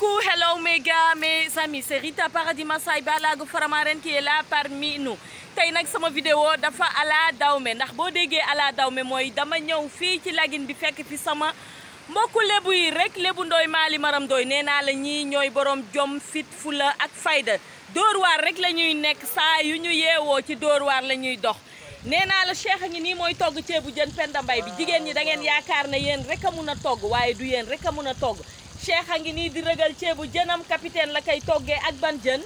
beaucoup, hello mes gars, mes amis, c'est Rita Paradis Massaï Balago Faramaren qui est tey nag sama vidéo dafa ala dawme ndax boo déggee ala dawme mooy dama ñëw fii ci lagin bi fekk fi sama mbokku lébu yi rek lébu ndooy maali maram ndooy nee naa la ñii ñooy borom jom fit fula ak fayda dóor waar rek la ñuy nekk saa yu ñu yeewoo ci dóor waar la ñuy dox nee naa la cheikh a ngi nii mooy togg ceebu jën penda mbay bi jigéen ñi da ngeen yaakaar ne yéen rek a mun a togg waaye du yéen rek a mun a togg Cheikh a ngi nii di rëgal ceebu jënam capitaine la koy toggee ak ban jën.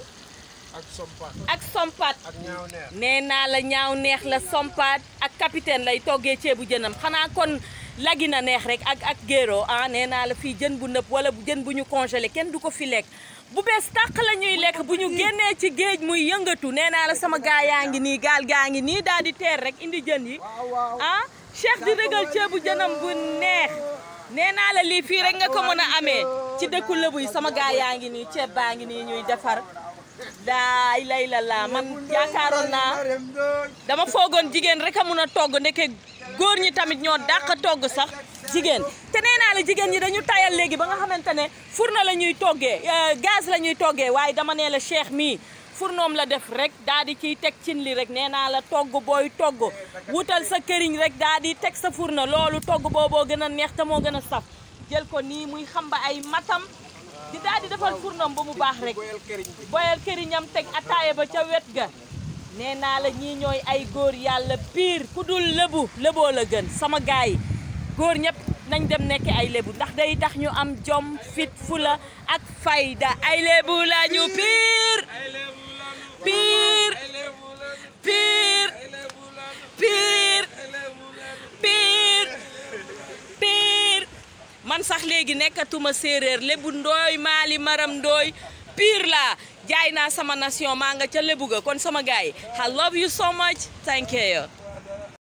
ak sompat ak sompat. ak ñaaw neex nee naa la ñaaw neex la sompat ak capitaine lay toggee ceebu jënam xanaa kon lagi na neex rek ak ak géro ah nee naa la fii jën bu nëb wala jën bu ñu congelé kenn du ko fi lekk. bu bees tàq la ñuy lekk bu ñu génnee ci géej muy yëngatu nee naa la sama gaa yaa ngi nii gaal gaa ngi nii daal di teer rek indi jën yi ah Cheikh di rëgal ceebu jënam bu neex. nee naa la lii fii rek nga ko mën a amee ci dëkku Lebu yi sama gaa yaa ngi nii ceeb baa ngi nii ñuy defar daay lay laa man yaakaaroon naa dama foogoon jigéen rek a mun a togg ndeke góor ñi tamit ñoo dàq togg sax jigéen te nee naa la jigéen ñi dañu tayal léegi ba nga xamante ne fourneau la ñuy toggee euh, gaz la ñuy toggee waaye dama nee la cheikh mii furnoom la def rek daa di ciy teg cin li rek nee naa la togg booy togg wutal sa këriñ rek daa di teg sa furna loolu togg booboo gën a neex te moo gën a saf jël ko nii muy xamba ay matam di daal di defal furnoom ba mu baax rek boyal këriñam teg ataaya ba ca wet ga nee naa la ñii ñooy ay góor yàlla piir ku dul lëbu lëboo la gën sama gaay yi góor ñëpp nañ dem nekk ay lébu ndax day tax ñu am jom fit fula ak fayda ay lébu la ñu man sax léegi nekkatuma séeréer lébu ndooy maali maram ndooy pire laa jaay naa sama nasion maa nga ca lébu ga kon sama gars yi I love you so much thank